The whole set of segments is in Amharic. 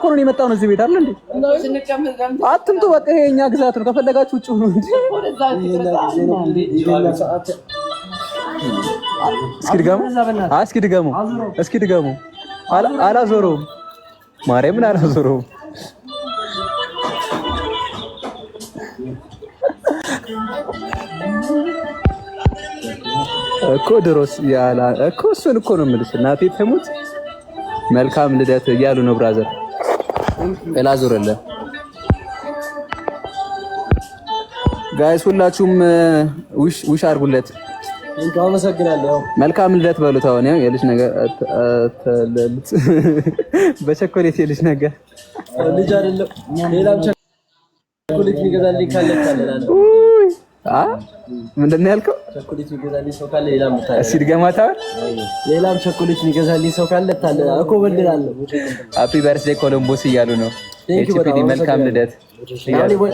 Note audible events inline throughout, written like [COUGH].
እኮ ነው የመጣው ነው እዚህ ቤት አይደል እንዴ? አትምጡ፣ በቃ ይሄ የኛ ግዛት ነው። ከፈለጋችሁ ውጭ ሁኑ። እስኪ ድገሙ፣ እስኪ ድገሙ፣ እስኪ ድገሙ። አላዞረውም፣ ማርያምን አላዞረውም። እኮ ድሮስ ያላ እኮ እሱን እኮ ነው የምልሽ እናቴ ትሙት መልካም ልደት እያሉ ነው ብራዘር ላዙርልህ ጋይስ፣ ሁላችሁም ውሽ አድርጉለት። መልካም ልደት በሉት። አሁን ያው የልጅ ነገር ተለልት [LAUGHS] በቸኮሌት የልጅ ነገር ልጅ አይደለም ሌላም ቸኮሌት ይገዛልኝ ካለ ካለ ምንድን ነው ያልከው? ቸኮሌት የሚገዛልኝ ሰው ካለ ሌላም እስኪ ድገማት። ሌላም ቸኮሌት የሚገዛልኝ ሰው ካለ እኮ እበልላለሁ። ሃፒ በርዝዴይ ኮሎምቦስ እያሉ ነው። ኤችፒዲ መልካም ልደት።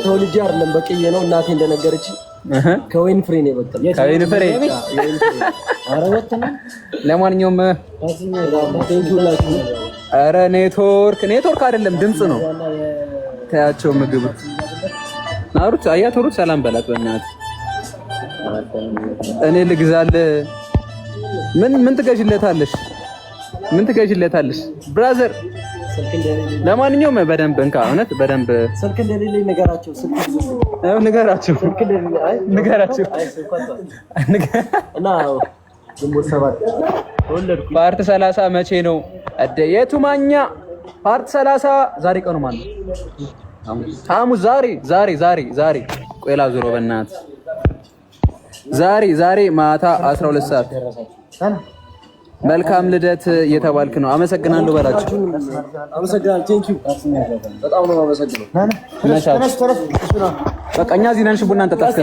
ተወልጄ አይደለም በቅዬ ነው እናቴ እንደነገረች ከወይን ፍሬ ነው የበቀለው። ከወይን ፍሬ ለማንኛውም ኧረ ኔትወርክ ኔትወርክ አይደለም ድምፅ ነው። ተያቸው ምግብ አሩት አያት ሩት ሰላም በላት በእናትህ እኔ ልግዛል። ምን ምን ትገዥለታለሽ? ምን ትገዥለታለሽ? ብራዘር ለማንኛውም በደንብ እንካ፣ እውነት በደንብ ስልክ እንደሌለኝ ንገራቸው። ስልክ ንገራቸው፣ ንገራቸው እና ፓርት መቼ ነው? እደ የቱ ማኛ ፓርት 30 ዛሬ ቀኑ ማነው? ሐሙስ ዛሬ ዛሬ ዛሬ ዛሬ ቆላ ዙሮ በእናትህ ዛሬ ዛሬ ማታ 12 ሰዓት መልካም ልደት እየተባልክ ነው። አመሰግናለሁ በላቸው። በቃ እኛ እዚህ ነን። ቡና እንጠጣስከ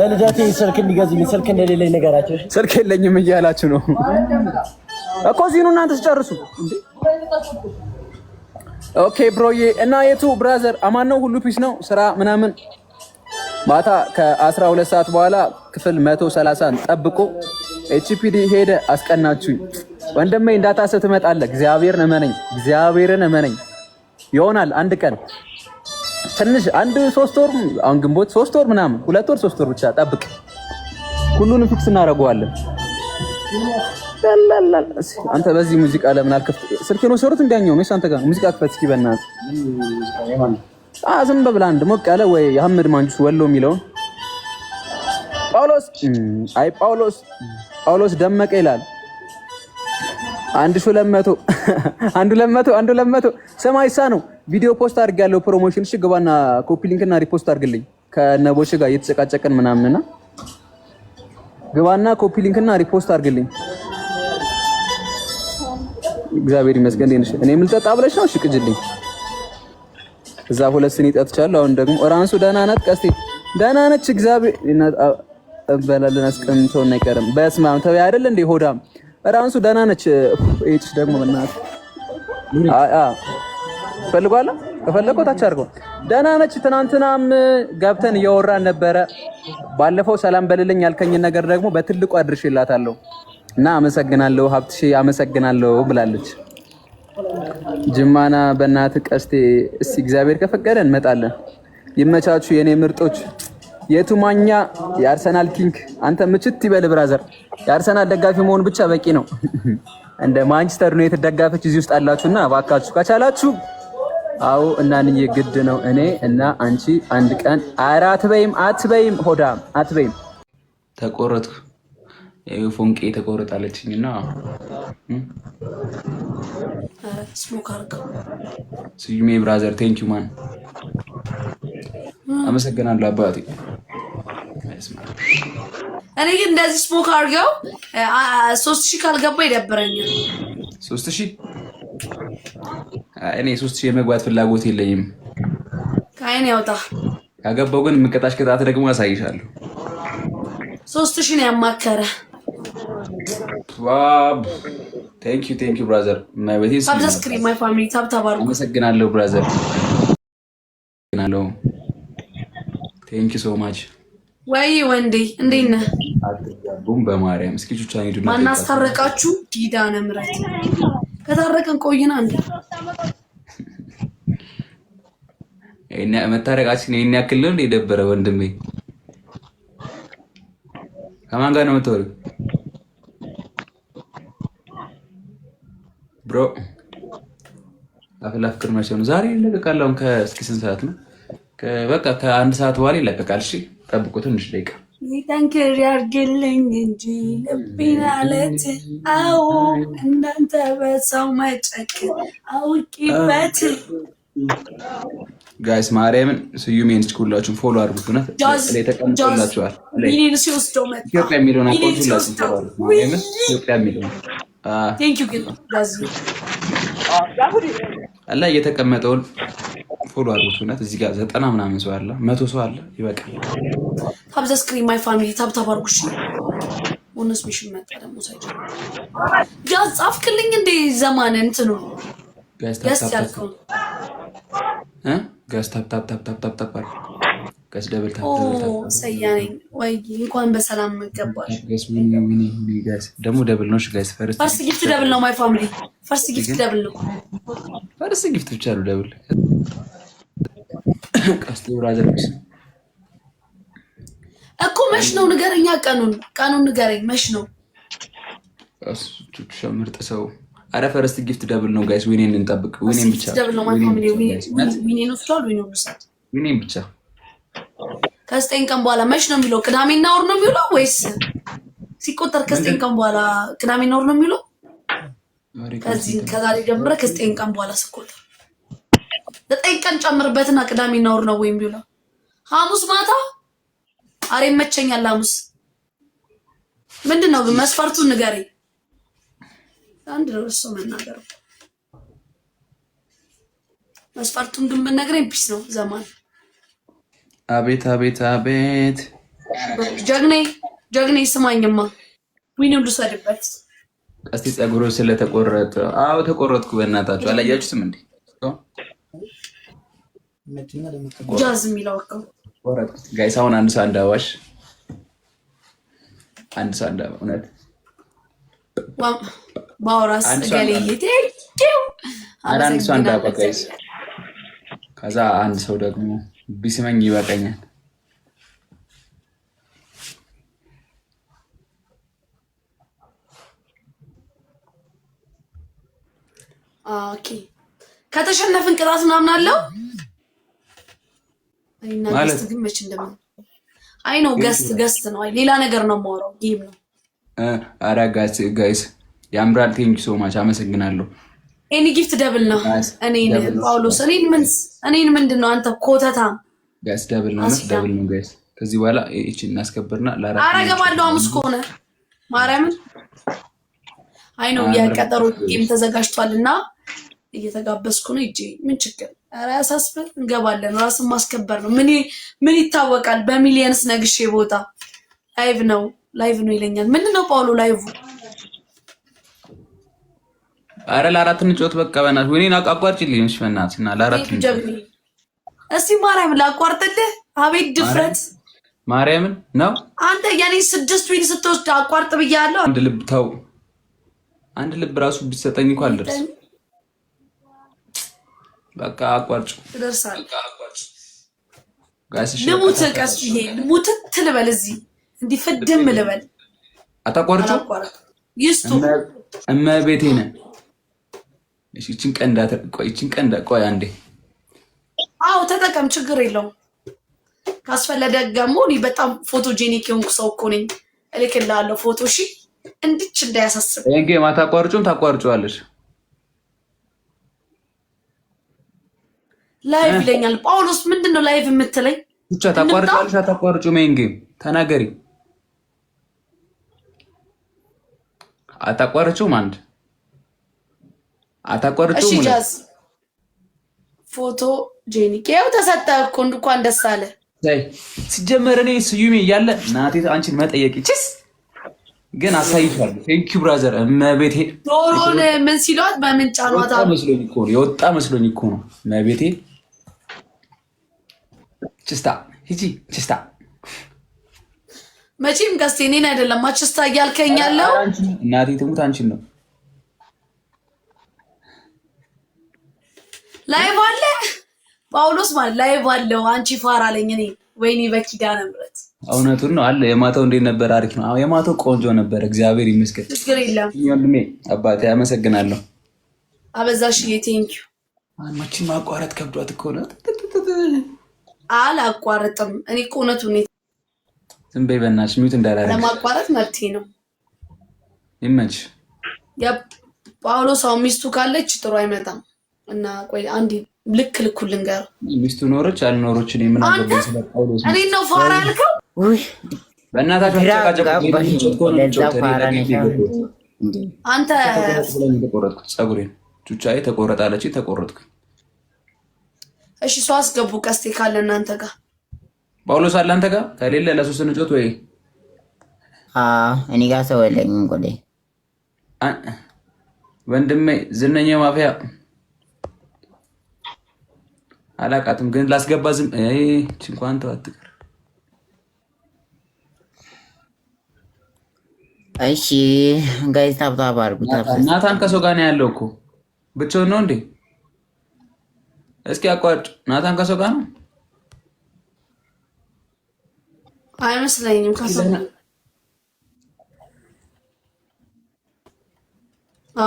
ለልደቴ ስልክ እንዲገዙልኝ ስልክ እንደሌለኝ ነገራቸው። ስልክ የለኝም እያላችሁ ነው እኮ ዚኑ እናንተ ስጨርሱ። ኦኬ ብሮዬ እና የቱ ብራዘር አማን ነው። ሁሉ ፒስ ነው። ስራ ምናምን ማታ ከ12 ሰዓት በኋላ ክፍል 130 ጠብቆ ኤችፒዲ ሄደ። አስቀናችሁኝ ወንድሜ፣ እንዳታስብ ትመጣለህ። እግዚአብሔርን እመነኝ፣ እግዚአብሔርን እመነኝ። ይሆናል አንድ ቀን ትንሽ አንድ ሶስት ወር አሁን ግንቦት ሶስት ወር ምናምን ሁለት ወር ሶስት ወር ብቻ ጠብቅ። ሁሉንም ፊክስ እናደርገዋለን። አንተ በዚህ ሙዚቃ ለምን አልከፍት? ስልኬን ወሰሩት። እንዳኛው ነው አንተ ጋር ሙዚቃ ክፈት እስኪ በእናትህ ዝም በብላ አንድ ሞቅ ያለ ወይ የሐመድ ማንጁስ ወሎ የሚለውን ጳውሎስ አይ ጳውሎስ ጳውሎስ ደመቀ ይላል። አንድ ሺህ ለመቶ አንዱ ለመቶ አንዱ ለመቶ ስማ ይሳ ነው ቪዲዮ ፖስት አድርግ ያለው ፕሮሞሽን። እሺ ግባና ኮፒ ሊንክ እና ሪፖስት አድርግልኝ ከነቦሽ ጋር እየተጨቃጨቀን ምናምንና ግባና ኮፒ ሊንክ እና ሪፖስት አድርግልኝ። እግዚአብሔር ይመስገን። እኔ የምልጠጣ ብለሽ ነው? እሺ ቅጅልኝ እዛ ሁለት ስኒ ጠጥቻለሁ። አሁን ደግሞ ራንሱ ደህና ናት፣ ቀስቴ ደህና ነች። እግዚአብሔር እንበላለን አስቀምጠውን አይቀርም። በስመ አብ ተው አይደል እንዴ ሆዳም። ራንሱ ደህና ነች። እጭ ደግሞ ምናት አአ ፈልጓለ ከፈለከው ታች አድርገው ደህና ነች። ትናንትናም ገብተን እያወራን ነበረ። ባለፈው ሰላም በልልኝ ያልከኝን ነገር ደግሞ በትልቁ አድርሽላታለሁ እና አመሰግናለሁ ሀብትሽ፣ አመሰግናለሁ ብላለች። ጅማና በእናት ቀስቴ እስቲ እግዚአብሔር ከፈቀደ እንመጣለን። ይመቻቹ የኔ ምርጦች። የቱማኛ የአርሰናል ኪንግ አንተ ምችት ይበል ብራዘር። የአርሰናል ደጋፊ መሆን ብቻ በቂ ነው። [LAUGHS] እንደ ማንቸስተር ዩናይትድ ደጋፊዎች እዚህ ውስጥ አላችሁና እባካችሁ ከቻላችሁ አዎ እናንዬ ግድ ነው። እኔ እና አንቺ አንድ ቀን ኧረ አትበይም፣ አትበይም፣ ሆዳም አትበይም። ተቆረጥኩ። ፎንቄ ተቆረጣለችኝ እና ስዩሜ ብራዘር ቴንኪ ማን አመሰግናለሁ አባቴ። እኔ ግን እንደዚህ ስሞክ አድርገው ሶስት ሺህ ካልገባ ይደብረኛል። ሶስት ሺህ እኔ ሶስት ሺህ የመግባት ፍላጎት የለኝም። ከአይን ያውጣ። ካገባው ግን የምቀጣሽ ቅጣት ደግሞ አሳይሻለሁ። ሶስት ሺህ ነው ያማከረ ቴንክ ዩ ብራዘር፣ አመሰግናለሁ ብራዘር፣ ቴንክ ዩ ሶ ማች። ወይ ወንዴ እንዴት ነህ? አትጋቡም በማርያም እስኪ ቹቻ ሄዱ። ማናስታረቃችሁ ኪዳነ ምሕረት ከታረቅን ቆይና እንዴ እና መታረቃችን ይሄን ያክል ነው ደበረ ወንድሜ። ከማን ጋር ነው የምትወሪው? ብሮ አፍላ ፍቅር መቼ ነው ዛሬ ይለቀቃል? አሁን ከእስኪ ስንት ሰዓት ነው? በቃ ከአንድ ሰዓት በኋላ ይለቀቃል። እሺ ጠብቁ ትንሽ ደቂቃ ጠንክር ያርግልኝ እንጂ ልቤን አለት አዎ እንዳንተ በሰው መጨክን አውቂበት ጋይስ ማርያምን ስዩም ይሄን እስኪ ሁላችሁም ፎሎ አድርጉት። እውነት ተቀምጦላችኋል ኢትዮጵያ የሚለውን አቆላችሁ ኢትዮጵያ የሚለውን አላ እየተቀመጠውን ፎሎ አድርጉት። እውነት እዚህ ጋር ዘጠና ምናምን ሰው አለ፣ መቶ ሰው አለ። ይበቃል። ስክሪን ማይ ፋሚሊ ታብታብ አድርጉሽ። ሚሽን መጣ ደግሞ ሳይ ጋዝ ጻፍክልኝ እንዴ ዘማን እንትኑ ጋዝ ታብታብ ታብታብ ታብታብ ቀስ ደብል ታፕ እንኳን በሰላም መገባል። ደግሞ ደብል ነው ጋይስ። ፈርስት ጊፍት ደብል ነው። ማይ ፋሚሊ ፈርስት ጊፍት ደብል ነው። ፈርስት ጊፍት ብቻ ነው ደብል። ቀስ ብራዘር እኮ መች ነው ንገረኛ። ቀኑን ቀኑን ንገረኝ። መች ነው? ምርጥ ሰው አረ ፈርስት ጊፍት ደብል ነው ጋይስ። ዊኔን እንጠብቅ። ዊኔን ብቻ ደብል ነው። ማይ ፋሚሊ ዊኔን ብቻ ከዘጠኝ ቀን በኋላ መች ነው የሚለው? ቅዳሜና ወር ነው የሚውለው ወይስ ሲቆጠር ከዘጠኝ ቀን በኋላ ቅዳሜና ወር ነው የሚውለው? ከዚህ ከዛሬ ጀምረ ከዘጠኝ ቀን በኋላ ስቆጠር ዘጠኝ ቀን ጨምርበትና ቅዳሜና ወር ነው ወይም የሚውለው። ሐሙስ ማታ አሬ መቸኛል። ሐሙስ ምንድን ነው ግን መስፈርቱን ንገሪ። አንድ ነው እሱ መናገር መስፈርቱን ግን ብነግረኝ ፒስ ነው ዘማን አቤት አቤት አቤት ጀግኔ ጀግኔ ስማኝማ ዊንም ልሰድበት ቀስቲ ጸጉሩ ስለተቆረጠ አዎ ተቆረጥኩ በእናታችሁ አላያችሁትም እንዴ ጃዝ የሚለው ጋይስ አሁን አንድ ሰው አንድ አዋሽ አንድ ሰው አንድ እውነት ባውራስ ገሌይቴ አንድ ሰው አንድ አባ ጋይስ ከዛ አንድ ሰው ደግሞ ቢስመኝ ይበቀኛል። ኦኬ ከተሸነፍን ቅጣት ምናምን አለው። እና ግን መች እንደምን አይ ነው ገስት ገስት ነው። ሌላ ነገር ነው የማወራው ጌም ነው። ኧረ ጋይስ ያምራል። ቴንኪ ሶ ማች አመሰግናለሁ። ኤኒ ጊፍት ደብል ነው። እኔን ጳውሎስ እኔን ምንስ እኔን ምንድን ነው አንተ ኮተታ ጋይስ ደብል ነው ደብል ነው ጋይስ። ከዚህ በኋላ እቺ እናስከብርና ላራ አረገባለሁ ሐሙስ ከሆነ ማርያምን አይ ነው የቀጠሮ ጌም ተዘጋጅቷል እና እየተጋበዝኩ ነው እጂ ምን ችግር ኧረ ያሳስበን እንገባለን። ራስን ማስከበር ነው ምን ምን ይታወቃል። በሚሊየንስ ነግሼ ቦታ ላይቭ ነው ላይቭ ነው ይለኛል። ምንድን ነው ጳውሎ ላይቭ አረ ለአራት እንጫወት በቃ በእናትሽ ወይኔ አቋርጭልኝ እሺ በእናትሽ እና ለአራት እስቲ ማርያም ላቋርጥልህ አቤት ድፍረት ማርያምን ነው አንተ የኔ ስድስት ዊን ስትወስድ አቋርጥ ብያለሁ አንድ ልብ ተው አንድ ልብ ራሱ ቢሰጠኝ እኮ አልደርስም በቃ አቋርጭ ትደርሳለህ ልሙት ቀስ ይሄ ልሙት ትልበል እዚህ እንዲህ ፍድም ልበል አታቋርጭ ይስቱ እመቤቴ ነህ ይችን ቀን አንዴ። አዎ ተጠቀም፣ ችግር የለውም። ካስፈለገ ደግሞ እኔ በጣም ፎቶ የሆንኩ ሰው እኮ ነኝ፣ እልክልሃለሁ ፎቶ። እሺ እንድች እንዳያሳስብ ማታቋርጩም ላይቭ ይለኛል ጳውሎስ። ምንድን ነው ላይቭ የምትለኝ? ብቻ ታቋርጫለሽ አታቋርጩም? ተናገሪ። አታቋርጩም አንድ አታቋርጡ። ፎቶ ጄኒ ያው ተሰጠ እኮ እንኳን ደስ አለ። ሲጀመር እኔ ስዩሜ እያለ እናቴ አንቺን መጠየቅ ችስ ግን አሳይሻለሁ። ቴንኪ ብራዘር። እመቤቴ ዶሮን ምን ሲሏት በምንጫ መስሎኝ እኮ ነው የወጣ መስሎኝ እኮ ነው። እመቤቴ ችስታ ሂጂ ችስታ መቼም ገስቴ እኔን አይደለም ማችስታ እያልከኝ ያለው እናቴ ትሙት አንቺን ነው ላይቭ አለ ጳውሎስ ማለት ላይቭ አለው። አንቺ ፋራ አለኝ እኔ ወይኔ በኪዳነ ምሕረት እውነቱን ነው አለ። የማታው እንዴት ነበር? አሪፍ ነው። አዎ የማታው ቆንጆ ነበር። እግዚአብሔር ይመስገን። ችግር የለም ወንድሜ፣ አባቴ አመሰግናለሁ። አበዛሽ የቴንኪው አንማችን ማቋረጥ ከብዷት እኮ ነው። አላቋረጥም እኔ እኮ እውነቱን ነው። ዝም በይ በእናትሽ፣ ሚዩት እንዳላረግ ለማቋረጥ መብቴ ነው። ይመች ጳውሎስ፣ አሁን ሚስቱ ካለች ጥሩ አይመጣም። እና ቆይ አንድ ልክ ልኩ ልንገር፣ ሚስቱ ኖሮች አልኖሮች እኔ ምን ነው ፋራ ያልከው? በእናታችሁ ፀጉሬን ቹቻዬ ተቆረጣለች፣ ተቆረጥኩኝ። እሺ ሰው አስገቡ፣ ቀስቴ ካለ እናንተ ጋር ጳውሎስ አለ አንተ ጋር ከሌለ ለሶስት ንጮት ወይ እኔ ጋር ሰው የለኝም። ቆዴ ወንድሜ ዝነኛ ማፊያ አላቃትም ግን ላስገባ ዝም እንኳን ተዋት እሺ ጋይ ታብታብ አድርጉ። ናታን ከሰው ጋር ነው ያለው እኮ ብቻውን ነው እንዴ? እስኪ አቋጭ። ናታን ከሰው ጋር ነው አይመስለኝም። ከሰው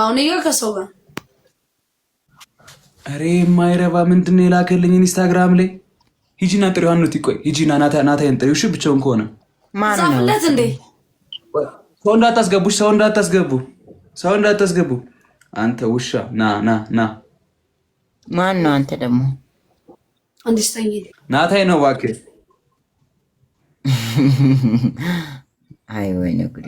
አሁን ከሰው ጋር እሬ የማይረባ ምንድን የላከልኝ ኢንስታግራም ላይ ሂጂና ጥሪው ሀኑት ይቆይ ሂጂና ናታ ጥሪው እሺ ብቻውን ከሆነ ጻፍለት እንዴ ሰው እንዳታስገቡ ሰው እንዳታስገቡ ሰው እንዳታስገቡ አንተ ውሻ ና ና ና ማን ነው አንተ ደግሞ ናታይ ነው እባክህ [LAUGHS] አይ ወይኔ ጉዴ